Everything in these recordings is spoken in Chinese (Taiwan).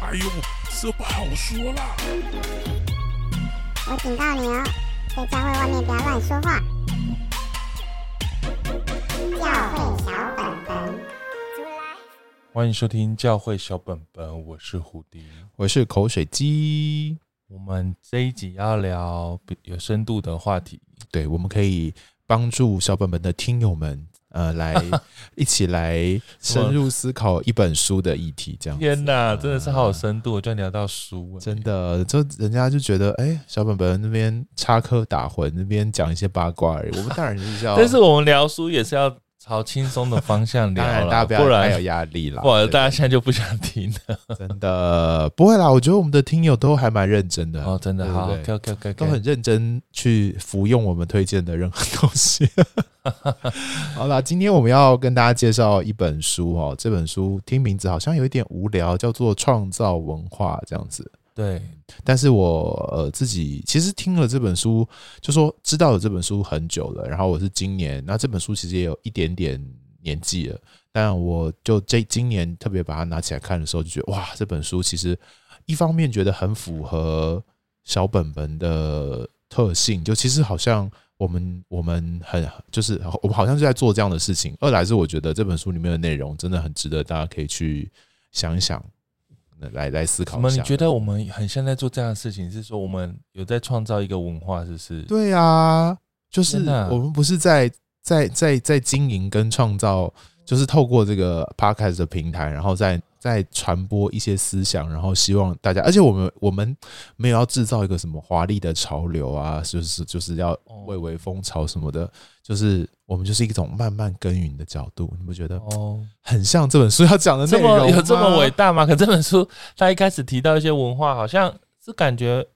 哎呦，這不好說了。我警告你哦，在教會外面不要亂說話。教會小本本，出來。歡迎收聽教會小本本，我是胡迪，我是口水雞。我們這一集要聊有深度的話題，嗯、對，我們可以幫助小本本的聽友們。呃，來一起來深入思考一本書的議題，這樣子。天哪，真的是好有深度！嗯、我就聊到書，真的，就人家就覺得，哎、欸，小本本那邊插科打諢，那邊講一些八卦而已。我們當然就是要， 但是我們聊書也是要朝輕鬆的方向聊，當然大家不要，不然還有壓力啦。大家現在就不想聽了。真的不會啦，我覺得我們的聽友都還蠻認真的哦，真的，對對對，好，OK OK，, okay, okay. 都很認真去服用我們推薦的任何東西。 好了，今天我們要跟大家介紹一本書哦。這本書聽名字好像有一點無聊，叫做《創造文化》這樣子。對，但是我呃自己其實聽了這本書，就說知道了這本書很久了。然後我是今年，那這本書其實也有一點點年紀了。但我就這今年特別把它拿起來看的時候，就覺得哇，這本書其實一方面覺得很符合小本本的特性，就其實好像。我們我們很就是我們好像是在做這樣的事情。二來是我覺得這本書裡面的內容真的很值得大家可以去想一想，來來思考一下。你覺得我們很像在做這樣的事情？是說我們有在創造一個文化，是不是？對啊，就是我們不是在在在在在經營跟創造，就是透過這個 podcast 的平台，然後在。在傳播一些思想，然後希望大家，而且我們我們沒有要製造一個什麼華麗的潮流啊，就是就是要蔚為風潮什麼的，哦、就是我們就是一種慢慢耕耘的角度，你不覺得？哦，很像這本書要講的內容，哦、這麼有這麼偉大嗎？可這本書它一開始提到一些文化，好像是感覺，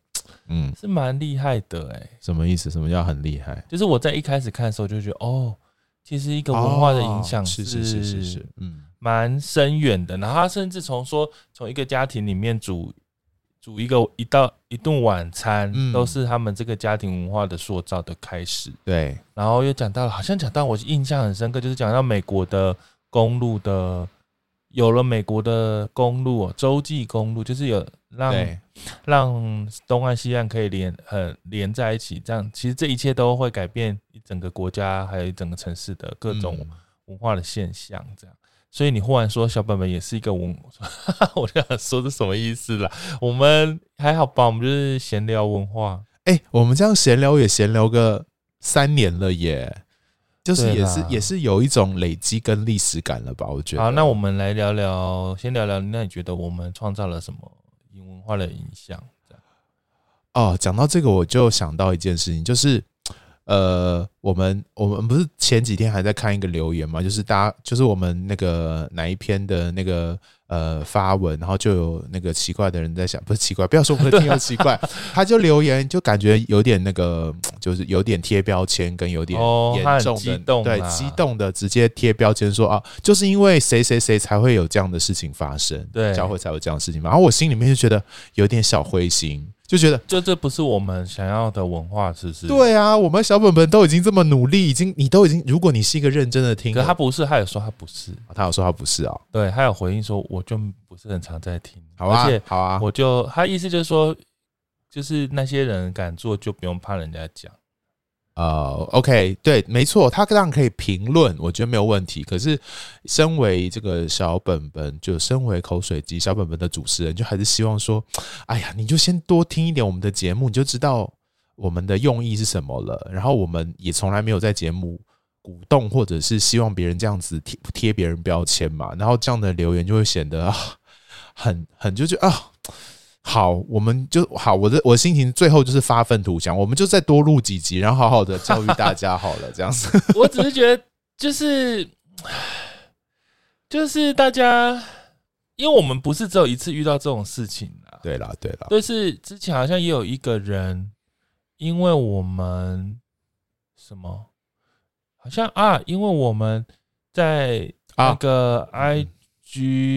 嗯，是蠻厲害的哎、欸嗯。什麼意思？什麼叫很厲害？就是我在一開始看的時候就覺得，哦，其實一個文化的影響是，哦、是是是是是，嗯。蠻深遠的，然後他甚至從說從一個家庭裡面煮煮一個一道一頓晚餐，都是他們這個家庭文化的塑造的開始。對，然後又講到了，好像講到我印象很深刻，就是講到美國的公路的，有了美國的公路哦，洲際公路，就是有讓讓東岸西岸可以連很連在一起，這樣，其實這一切都會改變整個國家，還有整個城市的各種文化的現象，這樣。所以你忽然說小本本也是一個文， 我想說的什麼意思啦。我們還好吧？我們就是閒聊文化。哎、欸，我們這樣閒聊也閒聊個三年了，也，就是也是啦也是有一種累積跟歷史感了吧？我覺得。好，那我們來聊聊，先聊聊，那你覺得我們創造了什麼文化的影響？哦，講到這個，我就想到一件事情，就是。呃，我們我們不是前幾天還在看一個留言嘛？就是大家就是我們那個哪一篇的那個呃發文，然後就有那個奇怪的人在想，不是奇怪，不要說我們聽友奇怪， 他就留言就感覺有點那個，就是有點貼標籤，跟有點嚴重的，哦、很激動，對激動的直接貼標籤說啊，就是因為誰誰誰才會有這樣的事情發生，對教會才有這樣的事情嘛。然後我心裡面就覺得有點小灰心。就覺得，就這不是我們想要的文化，是不是？對啊，我們小本本都已經這麼努力，已經，你都已經，如果你是一個認真的聽，可他不是，他有說他不是，哦、他有說他不是啊、哦。對，他有回應說，我就不是很常在聽，好啊，而且好啊，我就他意思就是說，就是那些人敢做，就不用怕人家講。呃、uh，OK，對，沒錯，他這樣可以評論，我覺得沒有問題。可是，身為這個小本本，就身為口水雞小本本的主持人，就還是希望說，哎呀，你就先多聽一點我們的節目，你就知道我們的用意是什麼了。然後，我們也從來沒有在節目鼓動，或者是希望別人這樣子貼貼別人標籤嘛。然後，這樣的留言就會顯得很、啊、很，很就就……啊。好，我們就好。我的我的心情最後就是發憤圖強，我們就再多錄幾集，然後好好的教育大家好了， 這樣子。我只是覺得，就是就是大家，因為我們不是只有一次遇到這種事情了。對啦對啦，對啦，就是之前好像也有一個人，因為我們什麼好像啊，因為我們在那個 I。啊。嗯。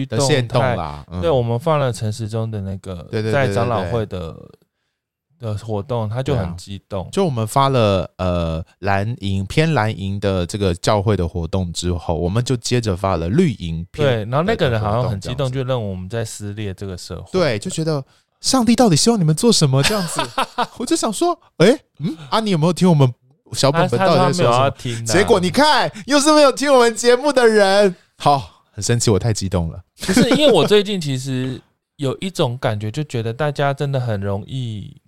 的線動，動啦，嗯、對我們放了陳時中的那個在長老會的對對對對的活動，他就很激動。啊、就我們發了呃藍營偏藍營的這個教會的活動之後，我們就接着發了綠營偏。對，然後那個人好像很激動，就認為我們在撕裂這個社會，對，就覺得上帝到底希望你們做什麼這樣子？ 我就想說，哎、欸，嗯啊，你有沒有聽我們小本本到底在說什麼？結果你看，又是沒有聽我們節目的人，好。很生氣，我太激動了。 就是因為我最近其實有一種感覺，就覺得大家真的很容易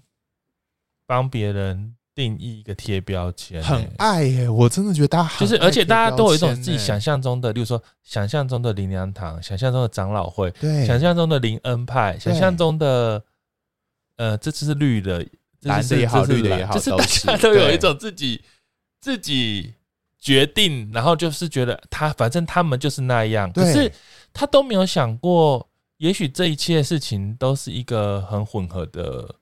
幫別人定義一個貼標籤。很愛耶，我真的覺得大家就是，而且大家都有一種自己想象中的，比如說想象中的靈糧堂、想象中的長老會、對 想象中的林恩派、想象中的呃，這次是綠的，藍的也好，綠的也好，就是大家都有一種自己對 自己。決定，然後就是覺得他，反正他們就是那樣。對可是他都沒有想過，也許這一切事情都是一個很混合的，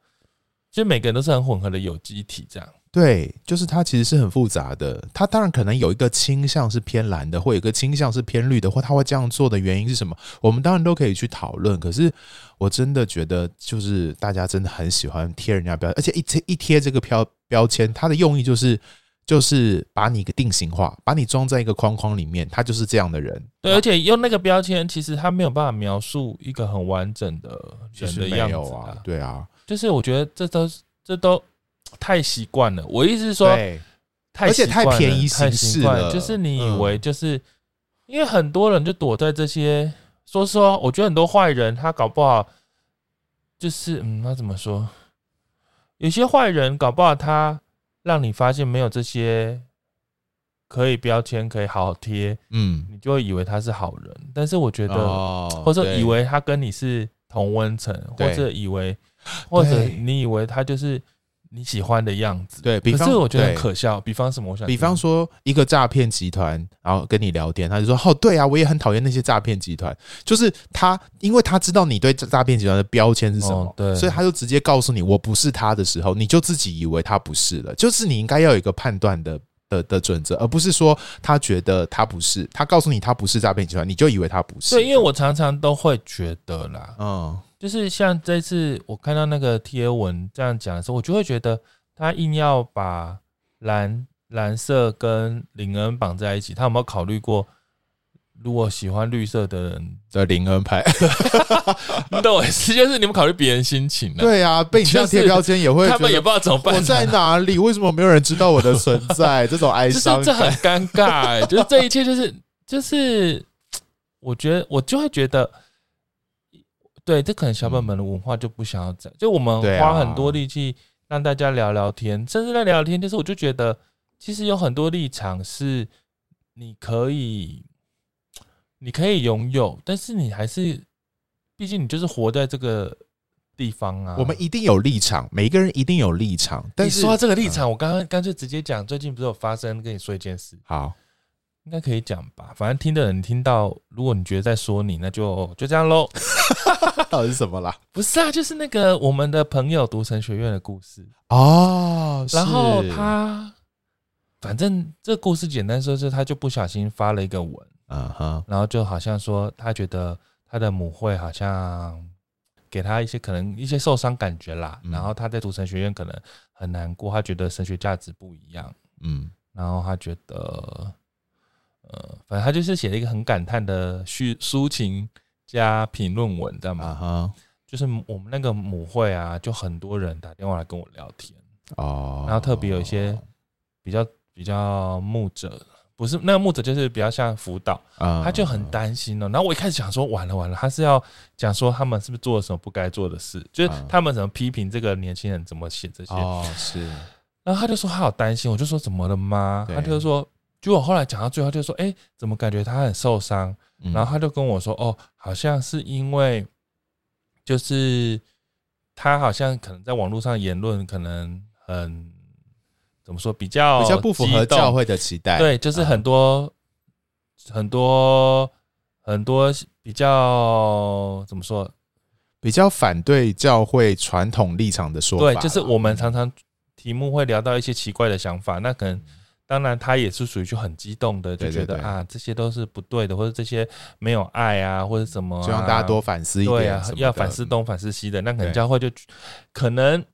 就每個人都是很混合的有機體，這樣。對，就是它其實是很複雜的。他當然可能有一個傾向是偏藍的，或有一個傾向是偏綠的，或他會這樣做的原因是什麼？我們當然都可以去討論。可是我真的覺得，就是大家真的很喜歡貼人家標，而且一貼一貼這個標標籤，它的用意就是。就是把你一個定型化，把你裝在一個框框裡面，他就是這樣的人。對，啊、而且用那個標籤，其實他沒有辦法描述一個很完整的人的、啊、樣子的啊。對啊，就是我覺得這都這都太習慣了。我意思是說，對太習慣了，而且太便宜行事，太習慣了。就是你以為，就是、嗯、因為很多人就躲在這些。說實話，我覺得很多壞人，他搞不好就是嗯，那怎麼說？有些壞人搞不好他。讓你發現沒有這些可以標籤可以好好貼，嗯，你就會以為他是好人，但是我覺得，哦、或者以為他跟你是同溫層，對，或者以為，或者你以為他就是。你喜歡的樣子對，對，比方，我覺得很可笑。對，比方什麼？我想，比方說一個詐騙集團，然後跟你聊天，他就說：“哦，對啊，我也很討厭那些詐騙集團。”就是他，因為他知道你對詐騙集團的標籤是什麼，哦、對，所以他就直接告訴你：“我不是他的時候，你就自己以為他不是了。”就是你應該要有一個判斷的的的準則，而不是說他覺得他不是，他告訴你他不是詐騙集團，你就以為他不是。對，因為我常常都會覺得啦，嗯。就是像這次我看到那個貼文這樣講的時候，我就會覺得他硬要把藍藍色跟靈恩綁在一起。他有沒有考慮過，如果喜歡綠色的人的靈恩派？對，實際上就是，你們考慮別人心情呢、啊。對啊，被你這樣貼標籤也會，他們也不知道怎麼辦。我在哪裡？為什麼沒有人知道我的存在？這種哀傷， 這很尷尬。就是這一切、就是，就是就是，我覺得我就會覺得。對，這可能小本本的文化就不想要講。嗯、就我們花很多力氣讓大家聊聊天，啊、甚至在聊天，就是我就覺得，其實有很多立場是你可以，你可以擁有，但是你還是，畢竟你就是活在這個地方啊。我們一定有立場，每一個人一定有立場。但是，但是說到這個立場，嗯、我剛剛乾脆直接講，最近不是有發生跟你說一件事？好，應該可以講吧，反正聽的人聽到，如果你覺得在說你，那就就這樣嘍。 到底是什麼啦？不是啊，就是那個我們的朋友讀神學院的故事哦。是。然後他，反正這故事簡單說，是他就不小心發了一個文，啊哈。然後就好像說，他覺得他的母會好像給他一些可能一些受傷感覺啦。嗯。然後他在讀神學院可能很難過，他覺得神學價值不一樣，嗯。然後他覺得，呃，反正他就是寫了一個很感嘆的敘抒情。加評論文，知道嗎？哈、uh，huh. 就是我們那個母會啊，就很多人打電話來跟我聊天哦。Oh. 然後特別有一些比較比較牧者，不是那個牧者，就是比較像輔導，uh huh. 他就很擔心哦、喔。然後我一開始講說完了完了，他是要講說他們是不是做了什麼不該做的事，就是他們怎麼批評這個年輕人怎麼寫這些哦。是、uh，huh. oh, 然後他就說他好擔心，我就說怎麼了嗎？對他就說。就我後來講到最後，就說：“哎、欸，怎麼感覺他很受傷？”然後他就跟我說：“哦，好像是因為，就是他好像可能在網絡上言論可能很怎麼說，比較比較不符合教會的期待。”對，就是很多、啊、很多很多比較怎麼說，比較反對教會傳統立場的說法。對，就是我們常常題目會聊到一些奇怪的想法，那可能。當然，他也是屬於就很激動的，就覺得啊，這些都是不對的，或者這些沒有愛啊，或者什麼，希望大家多反思一下，對啊，要反思東反思西的。那可能教會就可能，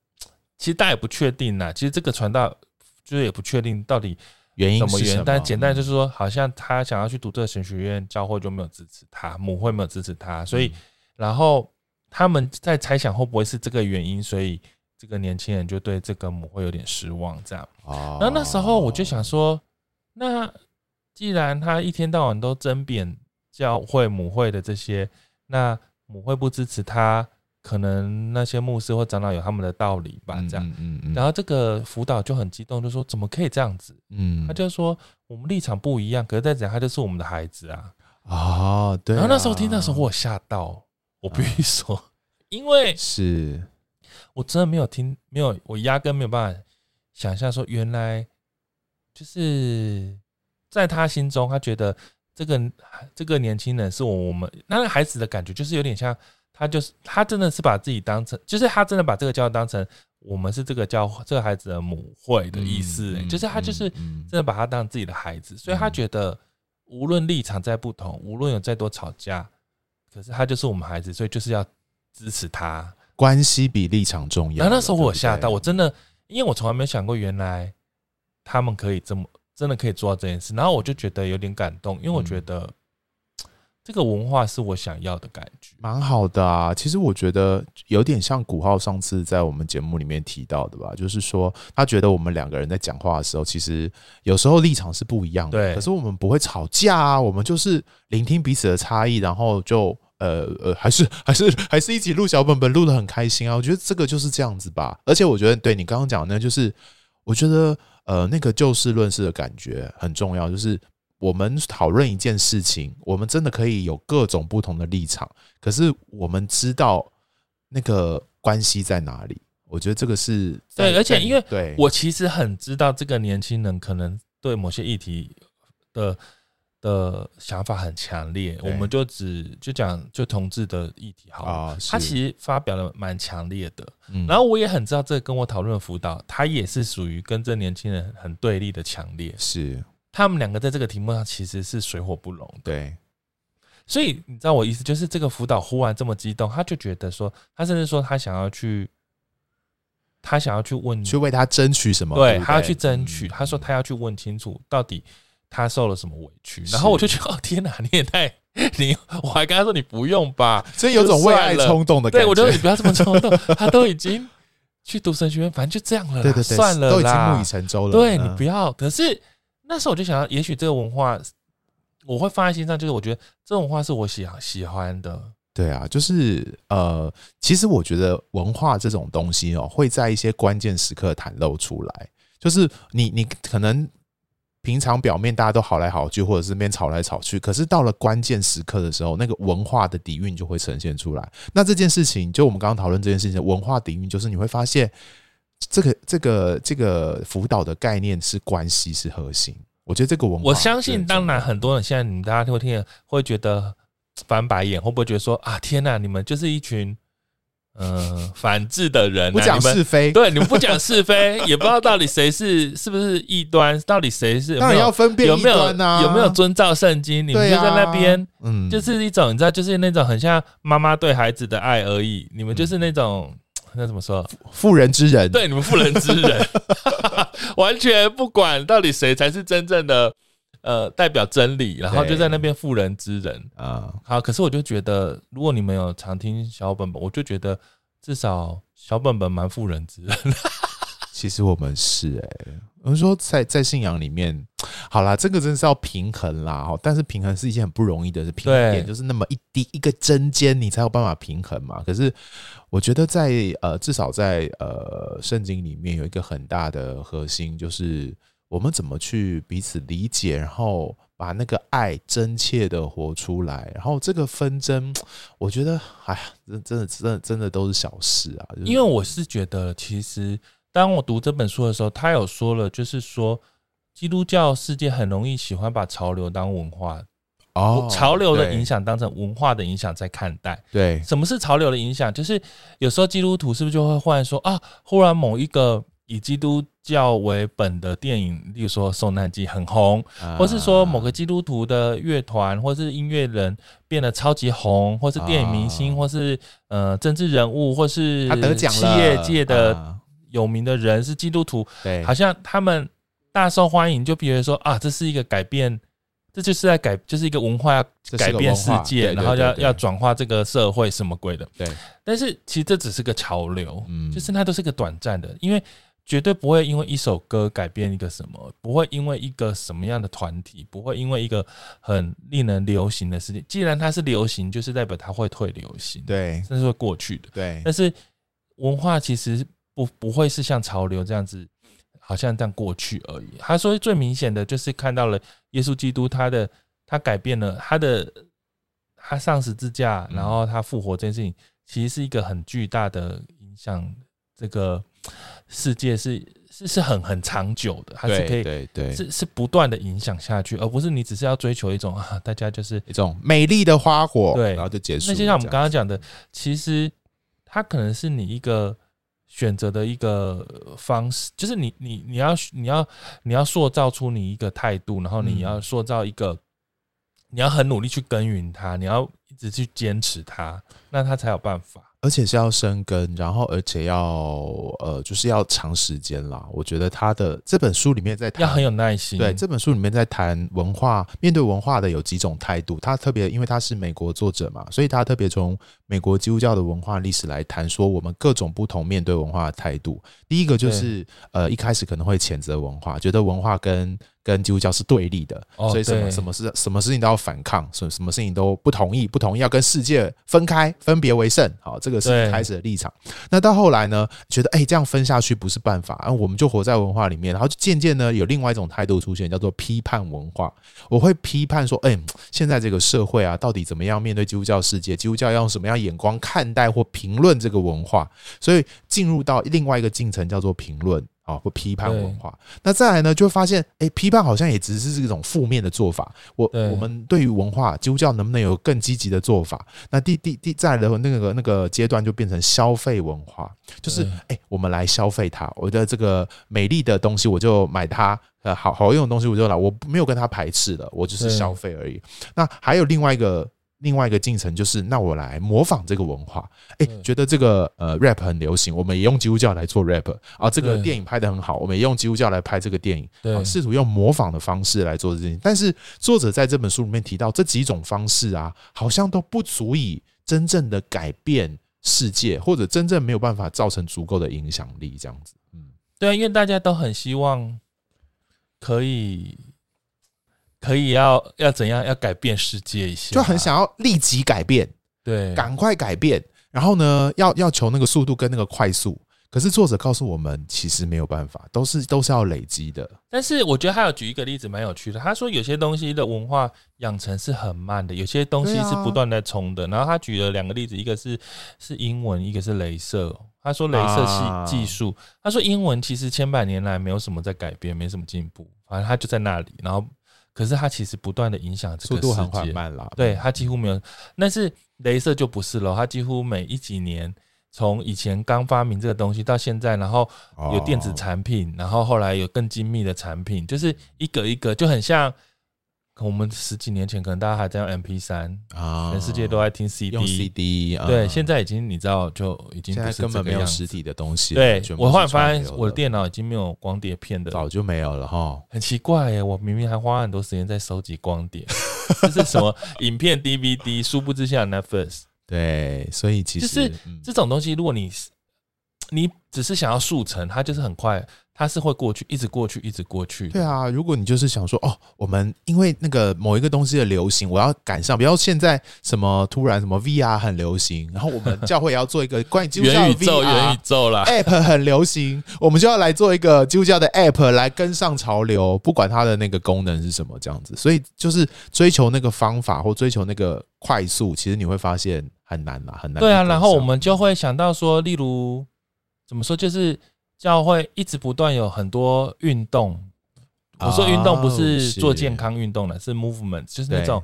其實大家也不確定啦，其實這個傳道就是也不確定到底原因是什麼，但簡單就是說，好像他想要去讀這個神學院，教會就沒有支持他，母會沒有支持他，所以然後他們在猜想會不會是這個原因，所以。這個年輕人就對這個母會有點失望，這樣。然後那時候我就想說，那既然他一天到晚都爭辯教會母會的這些，那母會不支持他，可能那些牧師或長老有他們的道理吧，這樣。嗯嗯。然後這個輔導就很激動，就說怎麼可以這樣子？嗯，他就說我們立場不一樣，可是再講，他就是我們的孩子啊。啊，對。然後那時候聽那時候我嚇到，我必須說，因為是。我真的沒有聽，沒有，我壓根沒有辦法想象說，原來就是在他心中，他覺得這個這個年輕人是我們那個孩子的感覺，就是有點像他，就是他真的是把自己當成，就是他真的把這個教當成我們是這個教，這個孩子的母會的意思，嗯，嗯嗯嗯嗯，就是他就是真的把他當自己的孩子，所以他覺得無論立場再不同，無論有再多吵架，可是他就是我們孩子，所以就是要支持他。關係比立場重要。那、啊、那時候我有嚇到，對對我真的，因為我從來沒有想過，原來他們可以這麼，真的可以做到這件事。然後我就覺得有點感動，因為我覺得這個文化是我想要的感覺、嗯，蠻好的啊。其實我覺得有點像古浩上次在我們節目裡面提到的吧，就是說他覺得我們兩個人在講話的時候，其實有時候立場是不一樣的，對可是我們不會吵架，啊，我們就是聆聽彼此的差異，然後就。呃呃，還是還是還是一起錄小本本，錄得很開心啊！我覺得這個就是這樣子吧。而且我覺得，對你剛剛講的，就是我覺得，呃，那個就事論事的感覺很重要。就是我們討論一件事情，我們真的可以有各種不同的立場，可是我們知道那個關係在哪裡。我覺得這個是對，而且因為對我其實很知道，這個年輕人可能對某些議題的。的想法很強烈，對，我們就只就講就同志的議題好。哦、他其實發表了蠻強烈的，嗯、然後我也很知道這跟我討論輔導，他也是屬於跟這年輕人很對立的強烈。是他們兩個在這個題目上其實是水火不容。對，所以你知道我意思，就是這個輔導忽然這麼激動，他就覺得說，他甚至說他想要去，他想要去問，去為他爭取什麼？對，對，對他要去爭取，嗯嗯，他說他要去問清楚到底。他受了什麼委屈，然後我就覺得，哦天哪，啊，你也太你，我還跟他說你不用吧，所以有種為愛衝動的感覺。對我覺得你不要這麼衝動，他都已經去讀神學院，反正就這樣了啦，對對對，算了啦，都已經木已成舟了對，對你不要。可是那時候我就想到，也許這個文化我會放在心上，就是我覺得這種話是我喜喜歡的。對啊，就是呃，其實我覺得文化這種東西哦，喔，會在一些關鍵時刻袒露出來，就是你你可能。平常表面大家都好來好去，或者是面吵來吵去，可是到了關鍵時刻的時候，那個文化的底蘊就會呈現出來。那這件事情，就我們剛剛討論這件事情，文化底蘊就是你會發現，這個這個這個輔導的概念是關係是核心。我覺得這個文化，我相信，當然很多人現在你們大家聽會聽會覺得翻白眼，會不會覺得說啊，天哪，你們就是一群。嗯、呃，反制的人、啊、不講是非，你對，你們不講是非， 也不知道到底誰是是不是異端，到底誰是？有沒要分辨、啊，有沒有有沒有遵照聖經，你們就在那邊、啊，嗯，就是一種你知道，就是那種很像媽媽對孩子的愛而已。你們就是那種那、嗯、怎麼說？婦人之仁，對，你們婦人之仁， 完全不管到底誰才是真正的。呃，代表真理，然後就在那邊婦人之仁啊，好。可是我就覺得，如果你們有常聽小本本，我就覺得至少小本本蠻婦人之仁。其實我們是哎、欸，我們說在在信仰裡面，好啦，這個真是要平衡啦。但是平衡是一件很不容易的事，平衡點，對就是那麼一滴一個針尖，你才有辦法平衡嘛。可是我覺得在呃，至少在呃聖經裡面有一個很大的核心就是。我們怎麼去彼此理解，然後把那個愛真切的活出來？然後這個紛爭，我覺得，哎呀，真的，真的，真的都是小事啊。就是、因為我是覺得，其實當我讀這本書的時候，他有說了，就是說，基督教世界很容易喜歡把潮流當文化，哦，潮流的影響當成文化的影響在看待。對，什麼是潮流的影響？就是有時候基督徒是不是就會忽然說啊，忽然某一個。以基督教為本的電影，例如說《受難記》很紅，啊、或是說某個基督徒的樂團，或是音樂人變得超級紅，或是電影明星，啊、或是呃政治人物，或是他得獎了，企業界的有名的人是基督徒，啊、好像他們大受歡迎。就比如說啊，這是一個改變，這就是在改，就是一個文化要改變世界，對對對對，然後要要轉化這個社會，什麼鬼的？對、對。但是其實這只是個潮流，嗯，就是那都是個短暫的，因為。絕對不會因為一首歌改變一個什麼，不會因為一個什麼樣的團體，不會因為一個很令人流行的事情。既然它是流行，就是代表它會退流行，對，這是會過去的。對，但是文化其實不不會是像潮流這樣子，好像這樣過去而已。他說最明顯的就是看到了耶穌基督，他的他改變了他的他上十字架，然後他復活這件事情，其實是一個很巨大的影響。這個。世界是是是很很長久的，它是可以對對，對是是不斷的影響下去，而不是你只是要追求一種啊，大家就是一種美麗的花火，對，然後就結束。那就像我們剛剛講的，樣其實它可能是你一個選擇的一個方式，就是你你你要你要你要塑造出你一個態度，然後你要塑造一個，嗯、你要很努力去耕耘它，你要一直去堅持它，那它才有辦法。而且是要生根，然後而且要呃，就是要長時間啦。我覺得他的這本書裡面在談要很有耐心。對，這本書裡面在談文化，面對文化的有幾種態度。他特別因為他是美國作者嘛，所以他特別從美國基督教的文化歷史來談，說我們各種不同面對文化的態度。第一個就是對呃，一開始可能會譴責文化，覺得文化跟。跟基督教是對立的，所以什麼什麼事什麼事情都要反抗，什麼什麼事情都不同意，不同意要跟世界分開，分別為聖。好，這個是開始的立場。那到後來呢，覺得哎、欸，這樣分下去不是辦法，啊，我們就活在文化裡面，然後就漸漸呢有另外一種態度出現，叫做批判文化。我會批判說，哎，現在這個社會啊，到底怎麼樣面對基督教世界？基督教要用什麼樣的眼光看待或評論這個文化？所以進入到另外一個進程，叫做評論。和批判文化，對 那再來呢，就發現誒、欸，批判好像也只是是一種負面的做法。我對 我們對於文化，基督教能不能有更積極的做法？那第第第再來的那個那個階段，就變成消費文化，就是誒、欸，我們來消費它。我的這個美麗的東西，我就買它，好好用的東西，我就來，我沒有跟它排斥了，我就是消費而已。那還有另外一個。另外一個進程就是，那我來模仿這個文化，誒、欸，對，覺得這個呃 rap 很流行，我們也用基督教來做 rap 啊。這個電影拍得很好，我們也用基督教來拍這個電影，對，啊，試圖用模仿的方式來做這件事情。但是作者在這本書裡面提到，這幾種方式啊，好像都不足以真正的改變世界，或者真正沒有辦法造成足夠的影響力，這樣子。嗯，對啊，因為大家都很希望可以。可以要要怎樣要改變世界一些，就很想要立即改變，對，趕快改變，然後呢，要要求那個速度跟那個快速。可是作者告訴我們，其實沒有辦法，都是都是要累積的。但是我覺得他有舉一個例子，蠻有趣的。他說有些東西的文化養成是很慢的，有些東西是不斷在衝的。啊、然後他舉了兩個例子，一個是是英文，一個是鐳射。他說鐳射是技術，啊、他說英文其實千百年來沒有什麼在改變，沒什麼進步，反正他就在那裡。然後可是它其實不斷的影響這個世界，速度很緩慢了啊。對，它幾乎沒有。但是鐳射就不是了，它幾乎每一幾年，從以前剛發明這個東西到現在，然後有電子產品，然後後來有更精密的產品，就是一格一格就很像。我們十幾年前可能大家還在用 MP3 啊，全世界都在聽 C D，用 C D。對，現在已經你知道，就已經就在根本沒有實體的東西了。對我後來發現，我的電腦已經沒有光碟片的，早就沒有了哈。哦、很奇怪耶，我明明還花很多時間在收集光碟， 這是什麼影片 D V D？殊不知下 Netflix。對，所以其實這種東西，如果你。你只是想要速成，它就是很快，它是會過去，一直過去，一直過去。對啊，如果你就是想說，哦，我們因為那個某一個東西的流行，我要趕上。比方現在什麼突然什麼 VR 很流行，然後我們教會也要做一個關於 元宇宙、做 VR，元宇宙啦。App 很流行， 我們就要來做一個基督教的 App 來跟上潮流，不管它的那個功能是什麼這樣子。所以就是追求那個方法或追求那個快速，其實你會發現很難啦，很難的。對啊，然後我們就會想到說，例如。怎麼說？就是教會一直不斷有很多運動。我說運動不是做健康運動、啊、是，是 movement，就是那種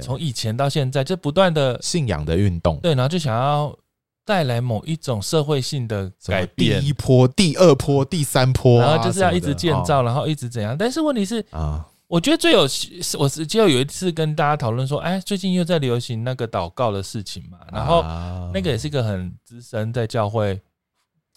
從以前到現在就不斷的，就不斷的信仰的運動。對，然後就想要帶來某一種社會性的改變。第一波、第二波、第三波、啊，然後就是要一直建造，啊哦、然後一直怎樣。但是問題是啊，我覺得最有我是記得有一次跟大家討論說，哎，最近又在流行那個禱告的事情嘛，然後那個也是一個很資深在教會。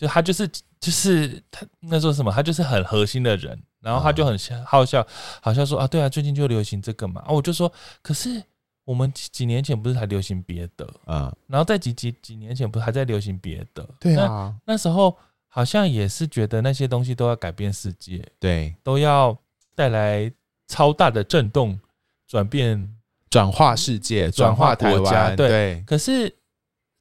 他就是就是他那說什麼？他就是很核心的人，然後他就很好笑，好像說啊，對啊，最近就流行這個嘛啊，我就說，可是我們幾年前不是還流行別的啊？嗯、然後在幾幾幾年前不是還在流行別的？對啊那，那時候好像也是覺得那些東西都要改變世界，對，都要帶來超大的震動，轉變、轉化世界、轉化國家，對。對，可是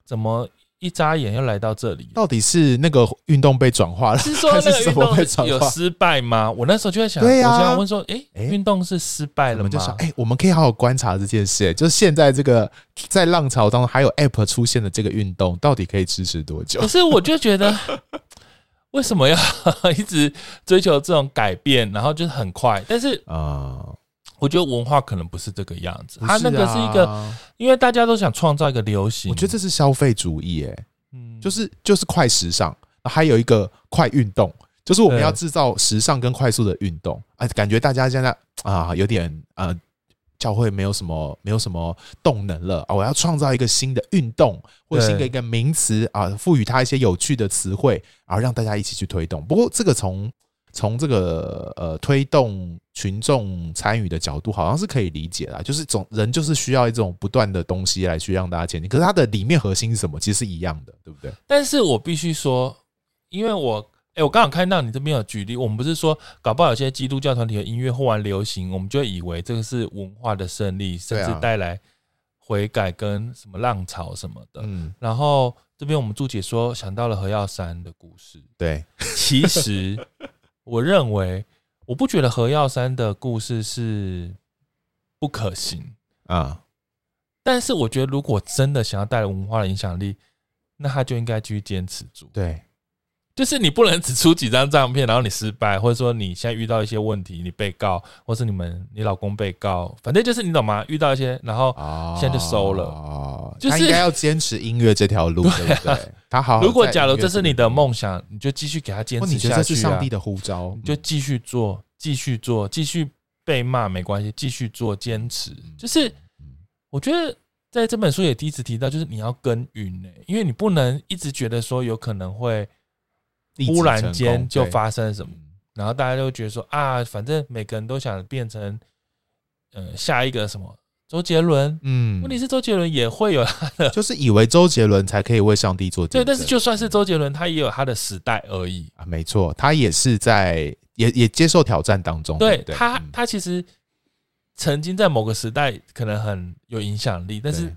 怎麼？一眨眼又來到這裡，到底是那個運動被轉化了？還是說那個運動有失敗嗎？我那時候就在想，對呀、啊，我想問說，哎、欸，欸、運動是失敗了嗎？他們就想，哎、欸，我們可以好好觀察這件事。就是現在這個在浪潮當中還有 App 出現的這個運動，到底可以支持多久？可是我就覺得， 為什麼要一直追求這種改變，然後就是很快？但是啊。呃我覺得文化可能不是這個樣子，它是、啊、那個是一個，因為大家都想創造一個流行。我覺得這是消費主義，哎，嗯，就是就是快時尚，還有一個快運動，就是我們要制造時尚跟快速的運動。哎，感覺大家現在啊、呃、有點呃，教會沒有什麼沒有什麼動能了、啊、我要創造一個新的運動或者新的一,一個名詞啊，賦予它一些有趣的詞彙，然後讓大家一起去推動。不過這個從從這個呃推動群眾參與的角度，好像是可以理解啦，就是總人就是需要一種不斷的東西來去讓大家前進。可是它的理念核心是什麼？其實是一樣的，對不對？但是我必須說，因為我哎、欸，我剛好看到你這邊有舉例，我們不是說搞不好有些基督教團體的音樂忽然流行，我們就以為這個是文化的勝利，甚至帶來悔改跟什麼浪潮什麼的。嗯、啊，然後這邊我們註解說想到了何耀珊的故事。對，其實。 我認為，我不覺得何耀珊的故事是不可行啊。但是，我覺得如果真的想要帶來文化的影響力，那他就應該繼續堅持住。對，就是你不能只出幾張照片，然後你失敗，或者說你現在遇到一些問題，你被告，或是你們你老公被告，反正就是你懂嗎？遇到一些，然後現在就收了。他應該要堅持音樂這條路，對不對？對啊、他好，好。如果假如這是你的夢想，你就繼續給他堅持下去、啊。你覺得這是上帝的呼召，你就繼續做，繼續做，繼續被罵沒關係，繼續做，堅持。嗯、就是我覺得在這本書也第一次提到，就是你要耕耘呢、欸，因為你不能一直覺得說有可能會忽然間就發生什麼，然後大家都覺得說啊，反正每個人都想變成、呃、下一個什麼。周杰倫，嗯，問題是周杰倫也會有他的，就是以為周杰倫才可以為上帝做對，但是就算是周杰倫，他也有他的時代而已、嗯、啊，沒錯，他也是在也也接受挑戰當中，對，對，對，對、嗯、他，他其實曾經在某個時代可能很有影響力，但是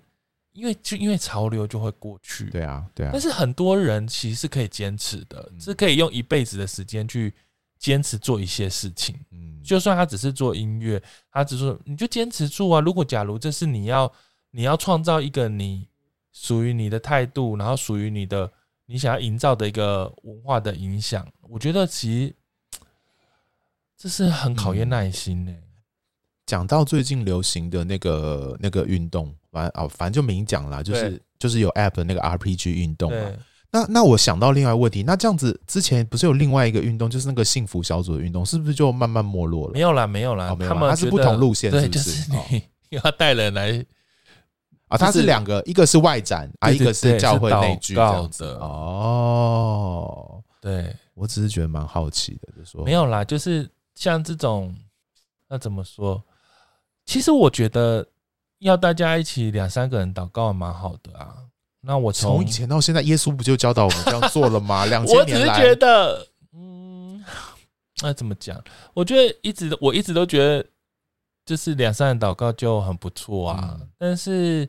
因為就因為潮流就會過去，對啊，對啊，但是很多人其實是可以堅持的，嗯、是可以用一輩子的時間去。堅持做一些事情，就算他只是做音樂，他只是說，你就堅持住啊。如果假如這是你要你要創造一個你屬於你的態度，然後屬於你的你想要營造的一個文化的影響，我覺得其實這是很考驗耐心的、欸嗯。講到最近流行的那個那個運動，反哦，反正就明講了，就是對 就是有 app 的那個 RPG 運動嘛、啊。那那我想到另外一個問題，那這樣子之前不是有另外一個運動，就是那個幸福小組的運動，是不是就慢慢沒落了？沒有啦，沒有啦，哦、有他們他是不同路線，是不是？你要帶人來、就是、啊，他是兩個，一個是外展，對對對啊，一個是教會內聚哦，對，我只是覺得蠻好奇的，就說沒有啦，就是像這種，那怎麼說？其實我覺得要大家一起兩三個人禱告蠻好的啊。那我從以前到現在，耶穌不就教導我們這樣做了嗎？兩千 年來，我只是覺得，嗯，那、啊、怎麼講？我覺得一直我一直都覺得，就是兩三人禱告就很不錯啊。啊但是，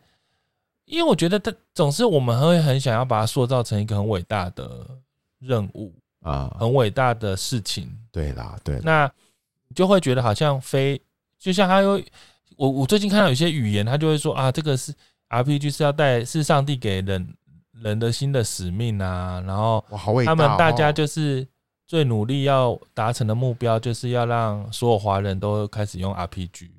因為我覺得他總是我們會很想要把它塑造成一個很偉大的任務啊，很偉大的事情。對啦，對。那你就會覺得好像非就像他有我，我最近看到有些語言，他就會說啊，這個是。RPG 是要帶是上帝給人人的新的使命啊，然後、哦、他們大家就是最努力要達成的目標，就是要讓所有華人都開始用 RPG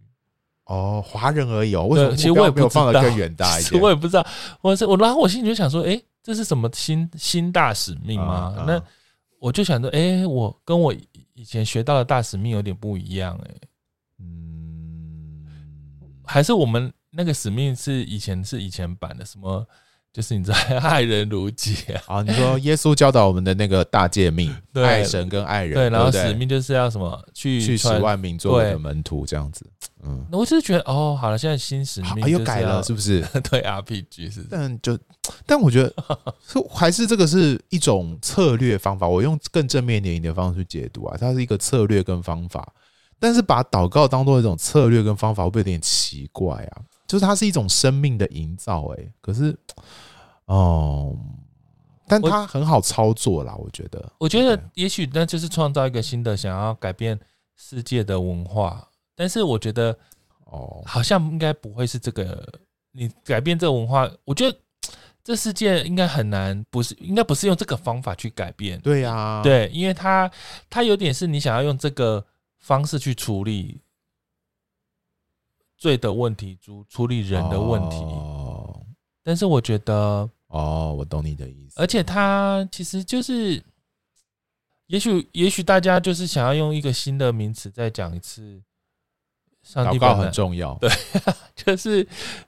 哦，華人而已、哦，為什麼？其實我也不知道，我沒有放到更遠大一點，其實我也不知道，我是我，然後我心裡就想說，哎、欸，這是什麼新新大使命嗎？啊啊、那我就想着，哎、欸，我跟我以前學到的大使命有點不一樣，哎，嗯，還是我們。那個使命是以前是以前版的，什麼？就是你在愛人如己啊，啊？你說耶穌教導我們的那個大誡命，對愛神跟愛人，對，然後使命就是要什麼去去傳萬民做我的門徒，這樣子。嗯，我就是覺得哦，好了，現在新使命、啊、又改了，是不是？ 對，RPG 是，不是。但就但我覺得是還是這個是一種策略方法，我用更正面一點的方式去解讀啊，它是一個策略跟方法，但是把禱告當做一種策略跟方法，會不會有點奇怪啊？就是它是一種生命的營造，欸，哎，可是，哦，但它很好操作啦，我覺得。我覺得也許那就是創造一個新的想要改變世界的文化，但是我覺得，哦，好像應該不會是這個。哦，你改變這個文化，我覺得這世界應該很難，不是應該不是用這個方法去改變。對呀，啊，對，因為它它有點是你想要用這個方式去處理。罪的問題，主處理人的問題，但是我覺得，哦，我懂你的意思。而且他其實就是，也許也許大家就是想要用一個新的名詞再講一次，禱告很重要，對，就是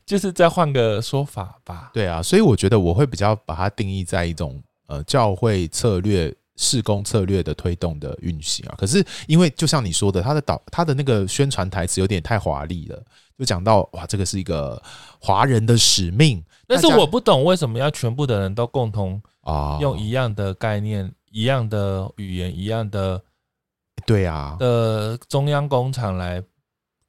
就是再換個說法吧。對啊，所以我覺得我會比較把它定義在一種呃教會策略。事工策略的推動的運行啊，可是因為就像你說的，他的導他的那個宣傳台詞有點太華麗了，就講到哇，這個是一個華人的使命，但是我不懂為什麼要全部的人都共同啊用一樣的概念、一樣的語言、一樣的對啊的中央工廠來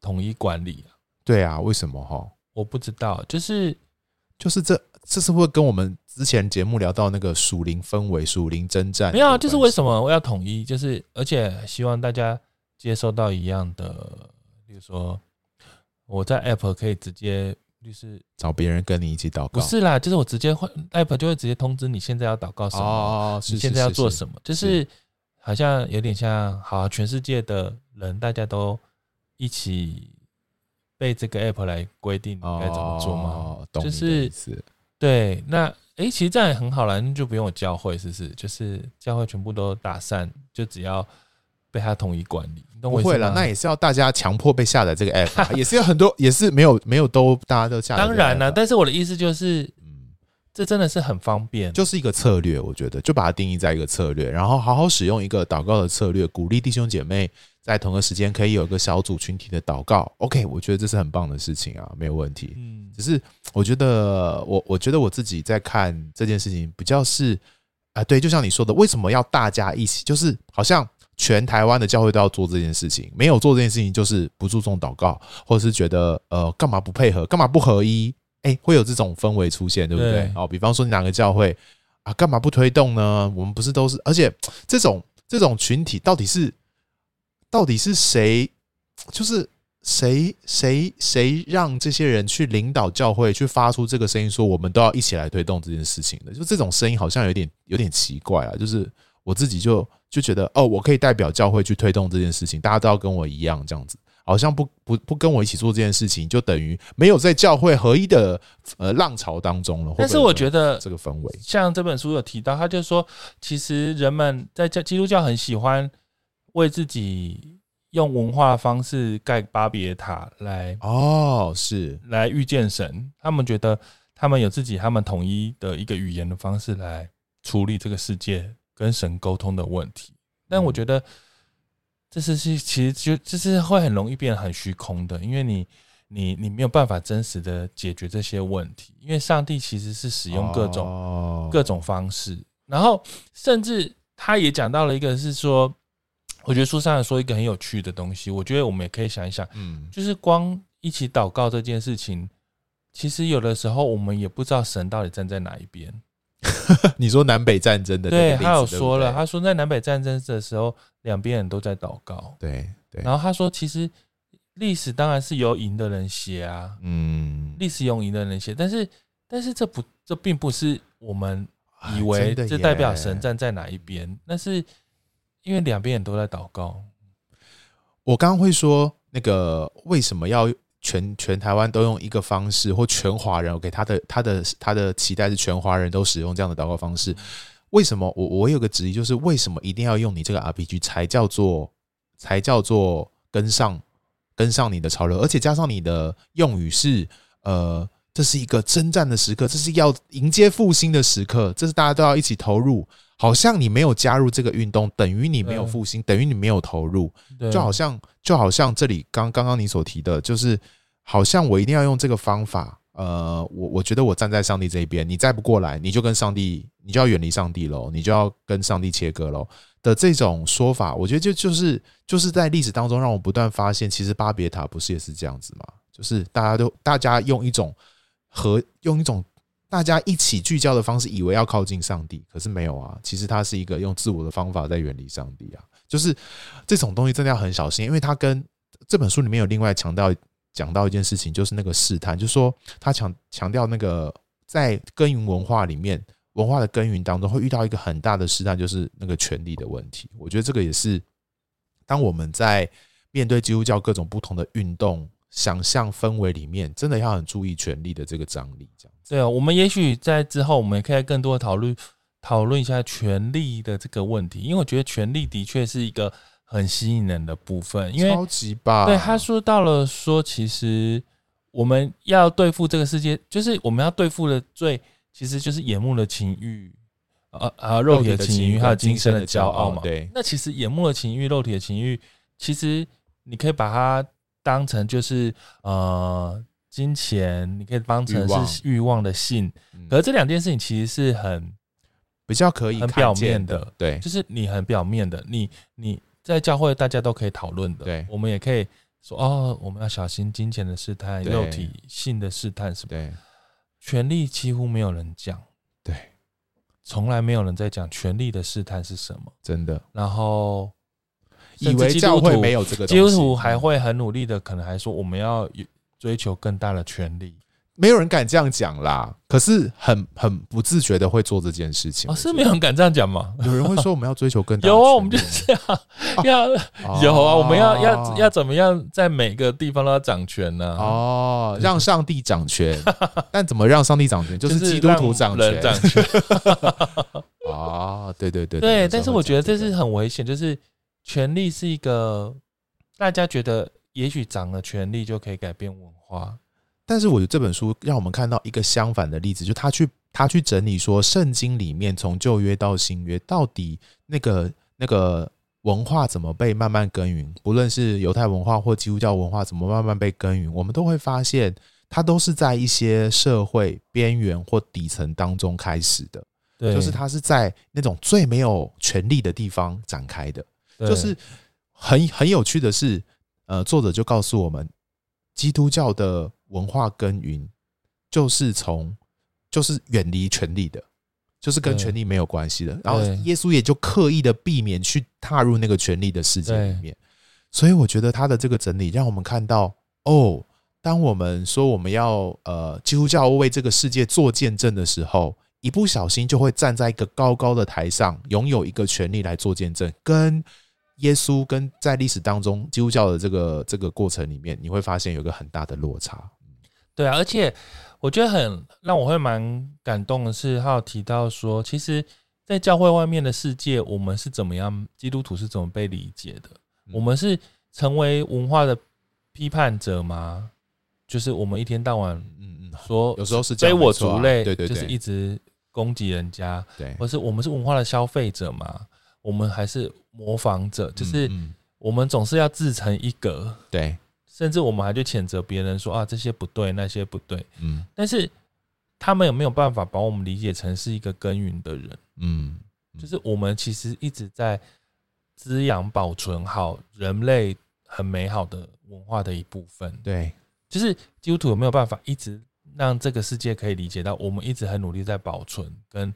統一管理？對啊，為什麼哈？我不知道，就是就是這。這是不是跟我們之前節目聊到那個屬靈氛圍、屬靈征戰沒有啊？就是為什麼我要統一？就是而且希望大家接收到一樣的，比如說我在 App 可以直接，就是找別人跟你一起禱告。不是啦，就是我直接會 App 就會直接通知你現在要禱告什麼，你現在要做什麼。就是好像有點像，好，全世界的人大家都一起被這個 App 來規定該怎麼做嗎？哦哦懂，就是。對，那誒、欸，其實這樣也很好啦，就不用我教會，是不是？就是教會全部都打散，就只要被他統一管理，你都會了。那也是要大家強迫被下載這個 app，、啊、 也是有很多，也是沒有沒有都大家都下載、啊。當然了，但是我的意思就是。這真的是很方便，就是一個策略。我覺得就把它定義在一個策略，然後好好使用一個禱告的策略，鼓勵弟兄姐妹在同個時間可以有一個小組群體的禱告。OK，我覺得這是很棒的事情啊，沒有問題。嗯，只是我覺得我我覺得我自己在看這件事情比較是啊、呃，對，就像你說的，為什麼要大家一起？就是好像全台灣的教會都要做這件事情，沒有做這件事情就是不注重禱告，或者是覺得呃，幹嘛不配合，幹嘛不合一？哎、欸，會有這種氛圍出現，對不對？對哦，比方說你哪個教會啊，幹嘛不推動呢？我們不是都是，而且這種這種群體到底是，到底是誰？就是誰誰誰讓這些人去領導教會，去發出這個聲音，說我們都要一起來推動這件事情的？就這種聲音好像有點有點奇怪啊！就是我自己就就覺得，哦，我可以代表教會去推動這件事情，大家都要跟我一樣這樣子。好像不不不跟我一起做這件事情，就等於沒有在教會合一的呃浪潮當中了。會會但是我覺得這個氛圍，像這本書有提到，他就是說，其實人們在教基督教很喜歡為自己用文化方式蓋巴別塔來哦，是來遇見神。他們覺得他們有自己他們統一的一個語言的方式來處理這個世界跟神溝通的問題。嗯。但我覺得。這是是其實就這是會很容易變得很虛空的，因為你你你沒有辦法真實的解決這些問題，因為上帝其實是使用各種各種方式，然後甚至他也講到了一個是說，我覺得書上說一個很有趣的東西，我覺得我們也可以想一想，嗯，就是光一起禱告這件事情，其實有的時候我們也不知道神到底站在哪一邊。 你說南北戰爭的，對，他有說了，對對，他說在南北戰爭的時候，兩邊人都在禱告，對對。對然後他說，其實歷史當然是由贏的人寫啊，嗯，歷史用贏的人寫，但是但是這不，這並不是我們以為這代表神站在哪一邊，那、啊、是因為兩邊人都在禱告。我剛剛會說，那個為什麼要？全全台灣都用一個方式，或全華人，OK，他的他的他的期待是全華人都使用這樣的禱告方式。為什麼我？我我有個質疑，就是為什麼一定要用你這個 RPG 才叫做才叫做跟上跟上你的潮流？而且加上你的用語是呃。這是一個征戰的時刻，這是要迎接復興的時刻，這是大家都要一起投入。好像你沒有加入這個運動，等於你沒有復興，嗯、等於你沒有投入。就好像，就好像這裡剛剛剛你所提的，就是好像我一定要用這個方法。呃，我我覺得我站在上帝這一邊，你再不過來，你就跟上帝，你就要遠離上帝嘍，你就要跟上帝切割嘍的這種說法，我覺得就就是就是在歷史當中讓我不斷發現，其實巴別塔不是也是這樣子嗎？就是大家都大家用一種。和用一種大家一起聚焦的方式，以為要靠近上帝，可是沒有啊。其實它是一個用自我的方法在遠離上帝啊。就是這種東西真的要很小心，因為它跟這本書裡面有另外強調講到一件事情，就是那個試探，就是說他強強調那個在耕耘文化裡面，文化的耕耘當中會遇到一個很大的試探，就是那個權力的問題。我覺得這個也是，當我們在面對基督教各種不同的運動。想象氛圍裡面，真的要很注意權力的這個張力，這樣對啊，我們也許在之後，我們也可以更多的討論討論一下權力的這個問題，因為我覺得權力的確是一個很吸引人的部分。因為超級棒！對，他說到了說，其實我們要對付這個世界，就是我們要對付的罪，其實就是眼目的情慾，呃啊，啊肉體的情慾，情還有精神的驕傲嘛。對。那其實眼目的情慾、肉體的情慾，其實你可以把它。當成就是呃金錢，你可以當成是慾望的性，嗯、可這兩件事情其實是很比較可以很表面的，對，就是你很表面的，你你在教會大家都可以討論的，對，我們也可以說哦，我們要小心金錢的試探，對肉體性的試探什麼對，權力幾乎沒有人講，對，從來沒有人在講權力的試探是什麼，真的，然後。以為教會沒有這個，基督、基督徒還會很努力的，可能還說，我們要追求更大的權力，沒有人敢這樣講啦，可是很很不自覺的會做這件事情。是沒有人敢這樣講嗎？有人會說我們要追求更大的權力？有啊，我們就這樣要，啊有啊，我們要要要怎麼樣，在每個地方都要掌權呢、啊？哦，讓上帝掌權，但怎麼讓上帝掌權？就是基督徒掌權，掌權。啊、 哦，對對對、對、對，對，但是我覺得這是很危險，就是。權力是一個，大家覺得也許掌了權力就可以改變文化，但是我覺得這本書讓我們看到一個相反的例子，就他去他去整理說聖經裡面從舊約到新約到底那個那個文化怎麼被慢慢耕耘，不論是猶太文化或基督教文化怎麼慢慢被耕耘，我們都會發現它都是在一些社會邊緣或底層當中開始的，對，就是它是在那種最沒有權力的地方展開的。就是很很有趣的是，呃，作者就告訴我們，基督教的文化耕耘就是從就是遠離權力的，就是跟權力沒有關係的。對然後耶穌也就刻意的避免去踏入那個權力的世界裡面。對所以我覺得他的這個整理，讓我們看到，哦，當我們說我們要呃基督教為這個世界做見證的時候，一不小心就會站在一個高高的台上，擁有一個權力來做見證，跟耶穌跟在歷史當中基督教的這個這個過程裡面，你會發現有個很大的落差。對啊，而且我覺得很讓我會蠻感動的是，他有提到說，其實，在教會外面的世界，我們是怎麼樣？基督徒是怎麼被理解的？嗯、我們是成為文化的批判者嗎？就是我們一天到晚，嗯嗯，說有時候是非我族類，對對對，就是一直攻擊人家，對，對，對，或是我們是文化的消費者嘛？我們還是模仿者，就是我們總是要自成一格，對，嗯，嗯，甚至我們還去譴責別人說啊這些不對，那些不對，嗯，但是他們有沒有辦法把我們理解成是一個耕耘的人？嗯，嗯，就是我們其實一直在滋養、保存好人類很美好的文化的一部分，對，就是基督徒有沒有辦法一直讓這個世界可以理解到，我們一直很努力在保存跟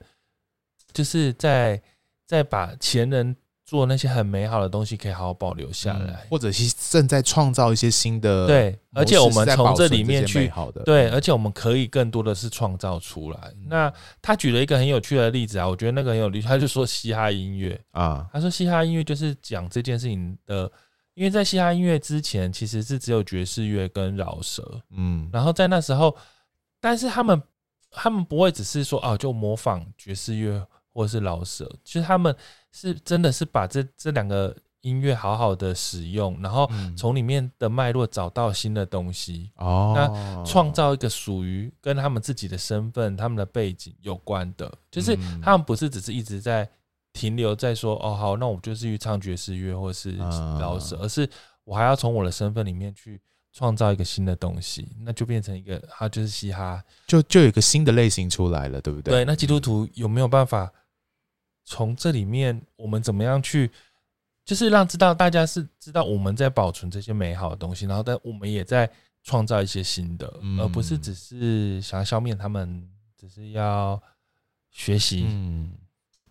就是在。再把前人做那些很美好的東西，可以好好保留下來，嗯，或者是正在創造一些新的。對，而且我們從這裡面去，對，而且我們可以更多的是創造出來。嗯、那他舉了一個很有趣的例子啊，我覺得那個很有趣。他就說嘻哈音樂啊，他說嘻哈音樂就是講這件事情的，因為在嘻哈音樂之前，其實是只有爵士樂跟饒舌，嗯，然後在那時候，但是他們他們不會只是說哦、啊，就模仿爵士樂。或是饒舌，其實他們是真的是把這這兩個音樂好好的使用，然後從裡面的脈絡找到新的東西哦，嗯、那創造一個屬於跟他們自己的身份、他們的背景有關的，就是他們不是只是一直在停留在說、嗯、哦好，那我就是去唱爵士樂或是饒舌，嗯、而是我還要從我的身份裡面去創造一個新的東西，那就變成一個，他就是嘻哈，就就有一個新的類型出來了，對不對？對，那基督徒有沒有辦法？從這裡面，我們怎麼樣去，就是讓知道大家是知道我們在保存這些美好的東西，然後但我們也在創造一些新的，嗯、而不是只是想要消滅他們，只是要學習。嗯，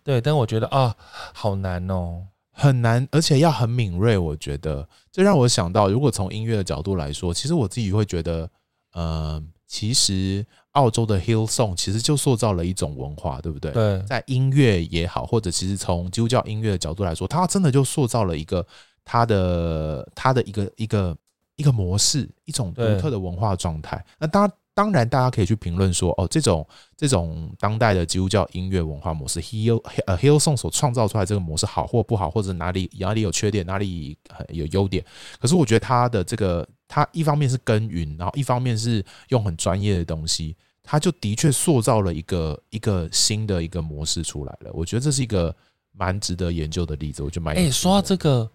對。但我覺得啊、哦，好難哦，很難，而且要很敏銳。我覺得這讓我想到，如果從音樂的角度來說，其實我自己會覺得，嗯、呃，其實。澳洲的 Hill Song 其實就塑造了一種文化，對不對？對，在音樂也好，或者其實從基督教音樂的角度來說，它真的就塑造了一個它的它的一個一個一個一個模式，一種獨特的文化狀態。對，那當當然，大家可以去評論說，哦，這種這種當代的基督教音樂文化模式，Hill 呃 Hillsong 所創造出來的這個模式好或不好，或者哪裡哪裡有缺點，哪裡有優點。可是我覺得他的這個，他一方面是耕耘，然後一方面是用很專業的東西，他就的確塑造了一個一個新的一個模式出來了。我覺得這是一個蠻值得研究的例子。我就買。蠻哎，說到這個，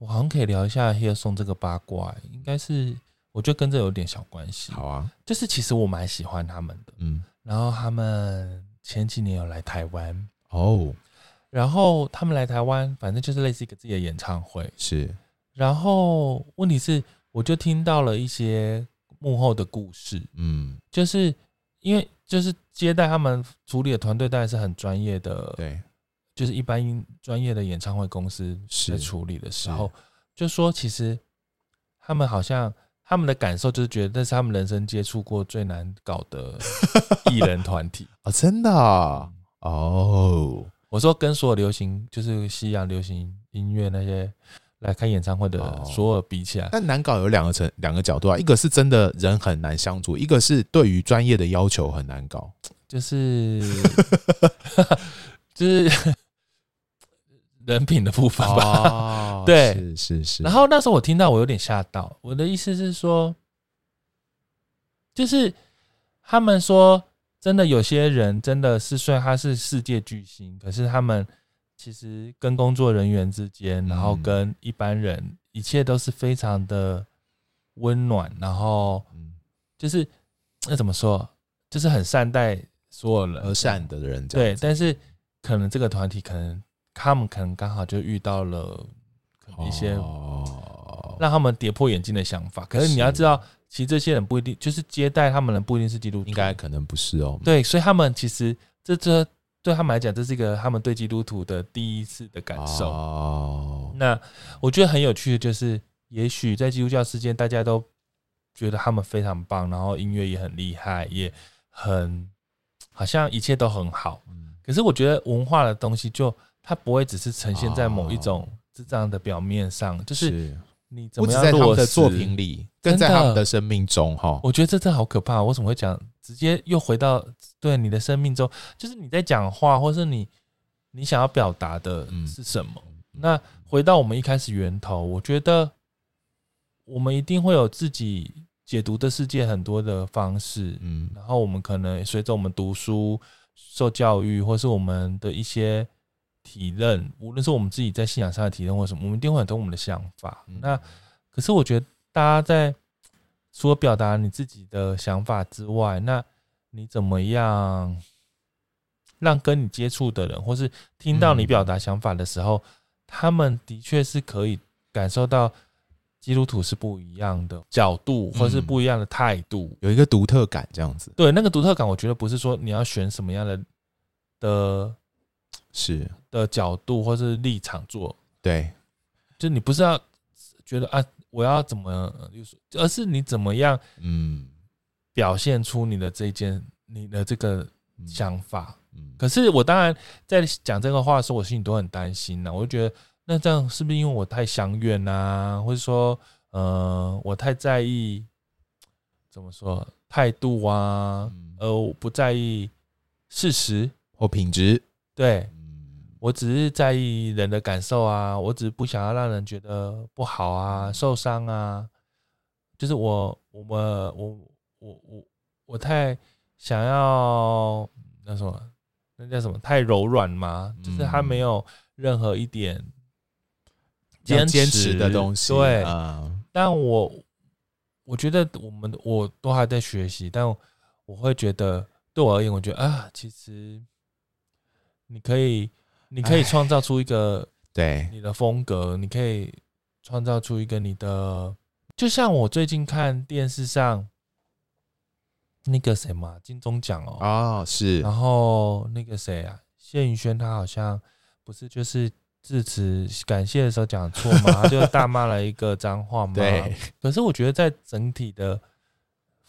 我好像可以聊一下 Hillsong 這個八卦，應該是。我覺得跟這有點小關係。好啊，就是其實我蠻喜歡他們的，嗯，然後他們前幾年有來台灣哦，然後他們來台灣，反正就是類似一個自己的演唱會是，然後問題是，我就聽到了一些幕後的故事，嗯，就是因為就是接待他們處理的團隊當然是很專業的，對，就是一般專業的演唱會公司在處理的時候，就說其實他們好像。他們的感受就是覺得那是他們人生接觸過最難搞的藝人團體啊！真的哦，我說跟所有流行，就是西洋流行音樂那些來開演唱會的所有比起來，但難搞有兩個成兩個角度啊，一個是真的人很難相處，一個是對於專業的要求很難搞，就是，就是。人品的部分吧，oh, 對，是是是。然後那時候我聽到，我有點嚇到。我的意思是說，就是他們說，真的有些人真的是，雖然他是世界巨星，可是他們其實跟工作人員之間，然後跟一般人，一切都是非常的溫暖。然後就是那怎麼說，就是很善待所有人，和善的人。對，但是可能這個團體可能。他們可能剛好就遇到了可能一些讓他們跌破眼鏡的想法。可是你要知道，其實這些人不一定就是接待他們的，不一定是基督徒，應該可能不是哦。對，所以他們其實這這對他們來講，這是一個他們對基督徒的第一次的感受。那我覺得很有趣的就是，也許在基督教世界，大家都覺得他們非常棒，然後音樂也很厲害，也很好像一切都很好。可是我覺得文化的東西就。它不會只是呈現在某一種智障的表面上，哦、就是你怎麼樣不只在他們的作品裡，的跟在他們的生命中哈。哦、我覺得這真的好可怕。我怎麼會講？直接又回到對你的生命中，就是你在講話，或是你你想要表達的是什麼？嗯、那回到我們一開始源頭，我覺得我們一定會有自己解讀的世界很多的方式，嗯，然後我們可能隨着我們讀書、受教育，或是我們的一些。體認，無論是我們自己在信仰上的體認或什麼，我們一定會很多我們的想法。那可是我覺得，大家在說表達你自己的想法之外，那你怎麼樣讓跟你接觸的人，或是聽到你表達想法的時候，嗯，他們的確是可以感受到基督徒是不一樣的角度，或是不一樣的態度，嗯，有一個獨特感這樣子。對，那個獨特感，我覺得不是說你要選什麼樣的的。是的角度或是立場做對，就是你不是要覺得啊，我要怎麼，就是，而是你怎麼樣，嗯，表現出你的這件，你的這個想法。可是我當然在講這個話的時候，我心裡都很擔心吶，我就覺得，那這樣是不是因為我太想遠吶，或者說，嗯，我太在意，怎麼說態度啊？而我不在意事實或品質，對。我只是在意人的感受啊，我只是不想要讓人覺得不好啊、受傷啊。就是我、我們、我、我、我、我太想要那什麼，那叫什麼？太柔軟嘛？嗯、就是他沒有任何一點堅持，堅持的東西。對啊，嗯、但我我覺得我們我都還在學習，但我，我會覺得對我而言，我覺得啊，其實你可以。你可以創造出一個對你的風格，你可以創造出一個你的。就像我最近看電視上那個誰嘛，金鐘獎哦啊是，然後那個誰啊，謝宇軒他好像不是就是致辭感謝的時候講錯嘛，他就大罵了一個髒話嘛，對，可是我覺得在整體的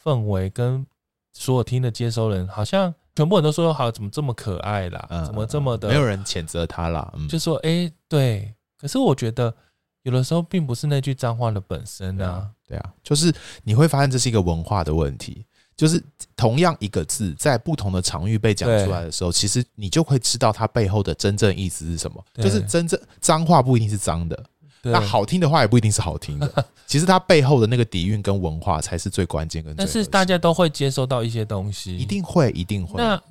氛圍跟所有聽的接收的人好像。全部人都說好，怎麼這麼可愛啦？嗯、怎麼這麼的？嗯、沒有人譴責他啦。嗯、就說哎、欸，對。可是我覺得，有的時候並不是那句髒話的本身啊，啊。對啊，就是你會發現這是一個文化的問題。就是同樣一個字，在不同的場域被講出來的時候，對其實你就會知道它背後的真正意思是什麼。就是真正髒話不一定是髒的。對 那好聽的話也不一定是好聽的，其實它背後的那個底蘊跟文化才是最關鍵的。但是大家都會接收到一些東西，一定會，一定會那。那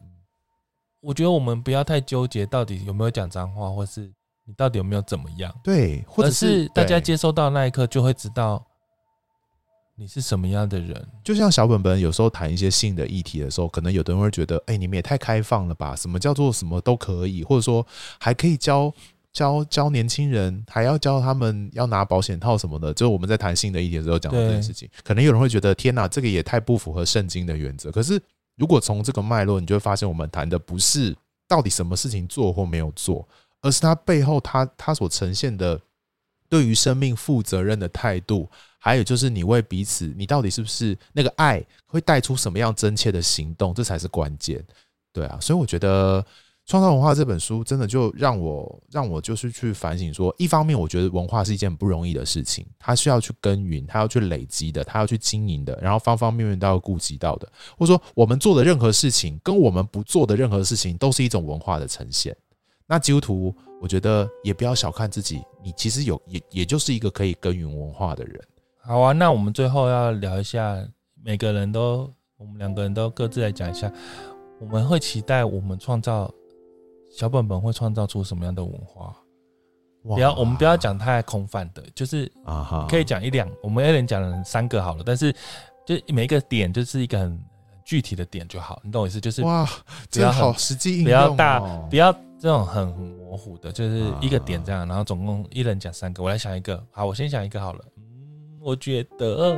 我覺得我們不要太糾結到底有沒有講髒話，或是你到底有沒有怎麼樣。對，或者是，是大家接收到那一刻就會知道你是什麼樣的人。對 就像小本本有時候談一些性的議題的時候，可能有的人會覺得，哎、欸，你們也太開放了吧？什麼叫做什麼都可以，或者說還可以教。教教年輕人，還要教他們要拿保險套什麼的。就是我們在談性的一點時候講的這件事情，對可能有人會覺得天哪、啊，這個也太不符合聖經的原則。可是，如果從這個脈絡，你就會發現，我們談的不是到底什麼事情做或沒有做，而是它背後它它所呈現的對於生命負責任的態度，還有就是你為彼此，你到底是不是那個愛，會帶出什麼樣真切的行動，這才是關鍵。對啊，所以我覺得。創造文化這本書真的就讓我讓我就是去反省說，說一方面我覺得文化是一件不容易的事情，它需要去耕耘，它要去累積的，它要去經營的，然後方方面面都要顧及到的。或者說我們做的任何事情，跟我們不做的任何事情，都是一種文化的呈現。那基督徒，我覺得也不要小看自己，你其實有也也就是一個可以耕耘文化的人。好啊，那我們最後要聊一下，每個人都，我們兩個人都各自來講一下，我們會期待我們創造。小本本會創造出什麼樣的文化？哇不要，我們不要講太空泛的，就是可以講一兩，我們一人講三個好了。但是，就每一個點就是一個很具體的點就好，你懂我意思？就是哇，只要好實際、哦，不要大，不要這種很模糊的，就是一個點這樣。然後總共一人講三個，我來想一個，好，我先想一個好了。嗯，我覺得，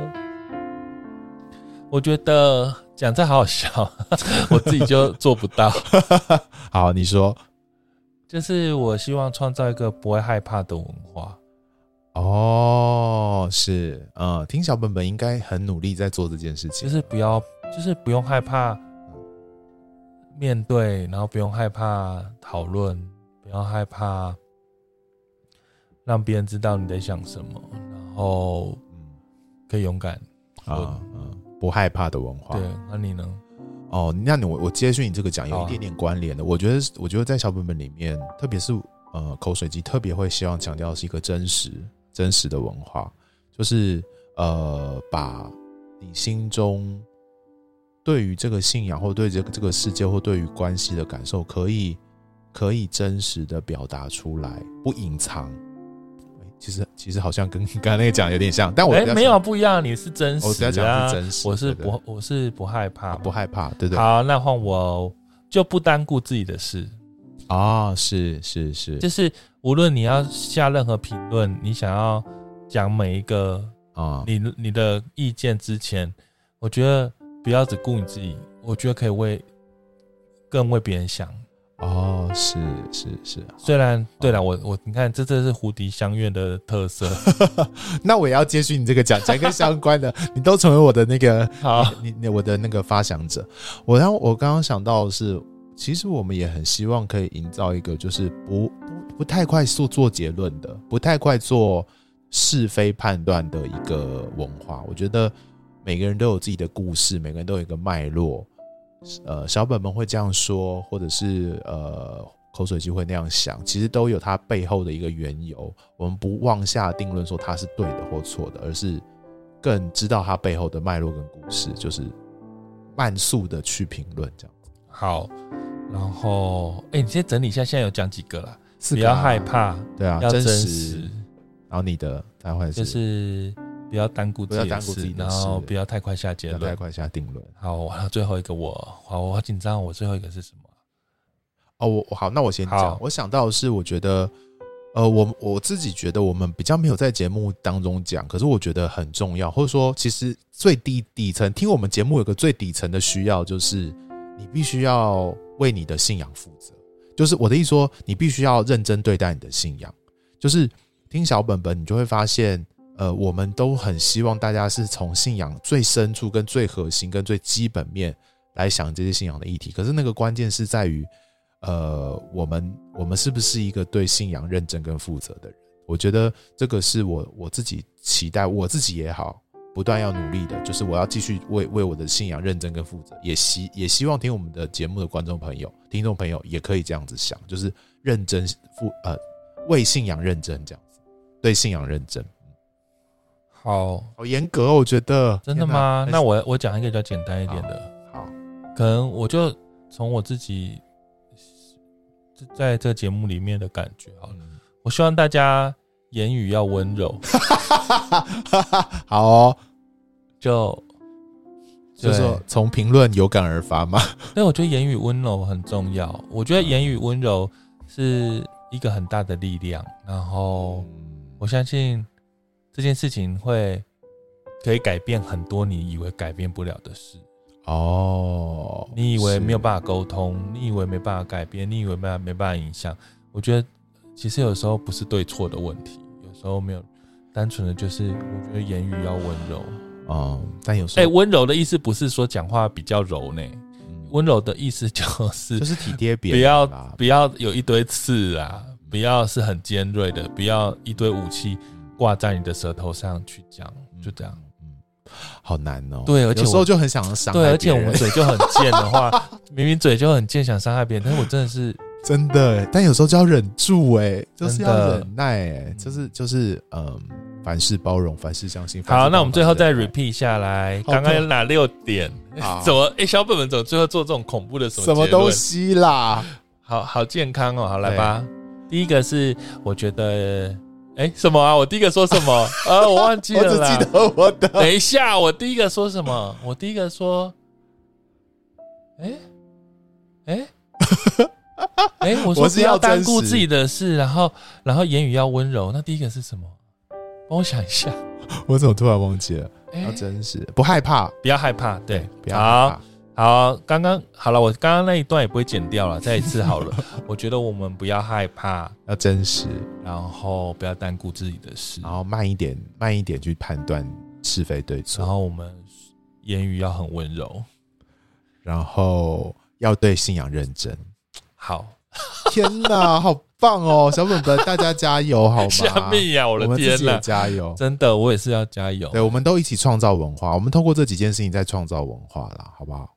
我覺得。講這好好笑， 我自己就做不到。 好，你說，就是我希望創造一個不會害怕的文化。哦，是，嗯，聽小本本應該很努力在做這件事情。就是不要，就是不用害怕面對，然後不用害怕討論，不要害怕讓別人知道你在想什麼，然後可以勇敢，所以啊，嗯、啊。不害怕的文化。對，那你呢？哦，那你我我接續你這個講有一點點關聯的。啊、我覺得，我覺得在小本本裡面，特別是呃口水雞，特別會希望強調是一個真實、真實的文化，就是呃，把你心中對於這個信仰或對這這個世界或對於關係的感受，可以可以真實的表達出來，不隱藏。其實其實好像跟剛才那個講有點像，但我哎、欸、沒有不一樣，你是真實、啊、我，真實我是不對對對，我是不害怕，不害怕，對對。好、啊，那換我就不單顧自己的事啊、哦，是是是，是就是無論你要下任何評論，嗯、你想要講每一個啊，嗯、你你的意見之前，我覺得不要只顧你自己，我覺得可以為更為別人想。哦，是是是，是雖然對了好，我我你看，這這是胡迪香苑的特色， 那我也要接續你這個講，講一個相關的， 你都成為我的那個好，你你，你我的那個發想者。我然後我剛剛想到的是，其實我們也很希望可以營造一個就是不不，不太快速做，做結論的，不太快做是非判斷的一個文化。我覺得每個人都有自己的故事，每個人都有一個脈絡。呃，小本本會這樣說，或者是呃，口水雞會那樣想，其實都有它背後的一個緣由。我們不妄下定論說它是對的或錯的，而是更知道它背後的脈絡跟故事，就是慢速的去評論這樣子。好，然後哎、欸，你先整理一下，現在有講幾個啦？是的，不要害怕，對啊，要真實，真實。然後你的再換，就是。不要單顧自己的事，自己的事然後不要太快下結論，太快下定論。好，那最後一個我好，我好緊張。我最後一個是什麼？哦，我好，那我先講。好我想到的是，我覺得，呃，我我自己覺得，我們比較沒有在節目當中講，可是我覺得很重要，或者說，其實最底底層聽我們節目有個最底層的需要，就是你必須要為你的信仰負責。就是我的意思說，你必須要認真對待你的信仰。就是聽小本本，你就會發現。呃，我們都很希望大家是從信仰最深處、跟最核心、跟最基本面來想這些信仰的議題。可是，那個關鍵是在於，呃，我們我們是不是一個對信仰認真跟負責的人？我覺得這個是我我自己期待我自己也好，不斷要努力的，就是我要繼續為為我的信仰認真跟負責。也希也希望聽我們的節目的觀眾朋友、聽眾朋友，也可以這樣子想，就是認真負呃為信仰認真這樣子，對信仰認真。好，好嚴格、哦，我覺得真的嗎？啊、那我我講一個比較簡單一點的。好，好可能我就從我自己在這個節目裡面的感覺，好了。嗯、我希望大家言語要溫柔。 好、哦，就就是說從評論有感而發嘛。對，我覺得言語溫柔很重要。我覺得言語溫柔是一個很大的力量。然後，我相信。這件事情會可以改變很多你以為改變不了的事哦，你以為沒有辦法溝通，是你以為沒辦法改變，你以為沒沒辦法影響。我覺得其實有時候不是對錯的問題，有時候沒有單純的，就是我覺得言語要溫柔哦，但有時候，哎，溫柔的意思不是說講話比較柔內，嗯，溫柔的意思就是就是體貼別人，不要不要有一堆刺啊，不要是很尖銳的，不要一堆武器，掛在你的舌頭上去講，就這樣，嗯，好難哦。對，而且有時候就很想傷害別人。對，而且我們嘴就很賤的話，明明嘴就很賤，想傷害別人，但是我真的是真的。但有時候就要忍住，哎，就是要忍耐，哎，就是就是，嗯，凡事包容，凡事相信。好，那我們最後再 repeat 下來，剛剛有哪六點？怎麼？哎，小本本怎麼最後做這種恐怖的什麼？什麼東西啦？好好健康哦。好，來吧。第一個是，我覺得。哎、欸，什麼啊？我第一個說什麼？呃、 啊，我忘記了，我只記得我的。等一下，我第一個說什麼？我第一個說，哎、欸，哎、欸，哎、 欸，我說要單顧自己的事，然後，然後言語要溫柔。那第一個是什麼？幫我想一下，我怎麼突然忘記了？哎、欸，要真實不害怕，不要害怕，對，對，不要害怕。好，剛剛好了，我剛剛那一段也不會剪掉，了，再一次好了。 我覺得我們不要害怕，要真實，然後不要單顧自己的事，然後慢一點，慢一點去判斷是非對錯，然後我們言語要很溫柔，嗯、然後要對信仰認真。好，天哪， 好棒哦，小本本， 大家加油好嗎？嚇咪呀，我的天哪，加油！真的，我也是要加油。對，我們都一起創造文化，我們通過這幾件事情在創造文化啦，好不好？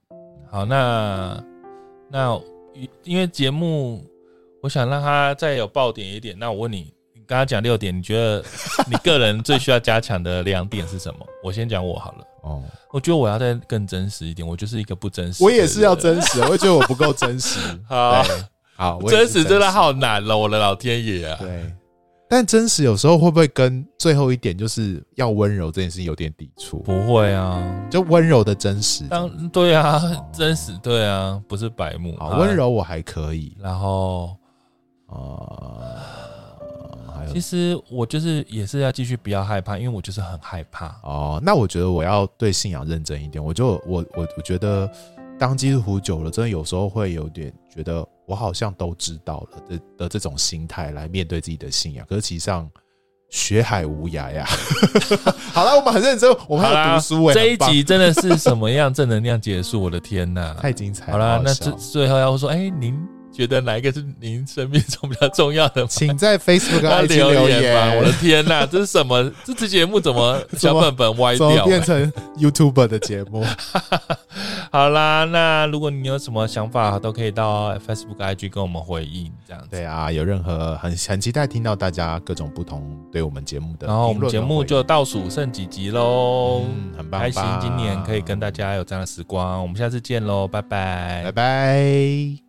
好，那那因為節目，我想讓他再有爆點一點。那我問你，你剛剛講六點，你覺得你個人最需要加強的兩點是什麼？ 我先講我好了。哦，我覺得我要再更真實一點，我就是一個不真實。我也是要真實，我會覺得我不夠真實。好 好，好，真實真的好難了，我的老天爺啊！對。但真實有時候會不會跟最後一點就是要溫柔這件事情有點抵觸？不會啊，就溫柔的真實。當對啊，真實對啊，不是白目。好但溫柔我還可以。然後，啊、呃，呃、還有其實我就是也是要繼續不要害怕，因為我就是很害怕。哦、呃，那我覺得我要對信仰認真一點。我就我我我覺得當基督徒久了，真的有時候會有點覺得。我好像都知道了，這的這種心態來面對自己的信仰，可是其實上學海無涯呀、啊。 好了，我們很認真，我們還要讀書哎。啦欸、這一集真的是什麼樣正能量結束？ 我的天吶、啊，太精彩了啦。好了，那最最後要說，哎、欸，您。覺得哪一個是您生命中比較重要的？請在 Facebook、IG 留言吧。 我的天哪， 這是什麼？ 這期節目怎麼小本本歪掉，變成 YouTuber 的節目？ 好啦，那如果你有什麼想法，都可以到 Facebook、IG 跟我們回應。這樣子對啊，有任何很很期待聽到大家各種不同對我們節目的。然後、哦、我們節目就倒數剩幾集嘍、嗯，很棒！開心今年可以跟大家有這樣的時光，我們下次見嘍，拜拜，拜拜。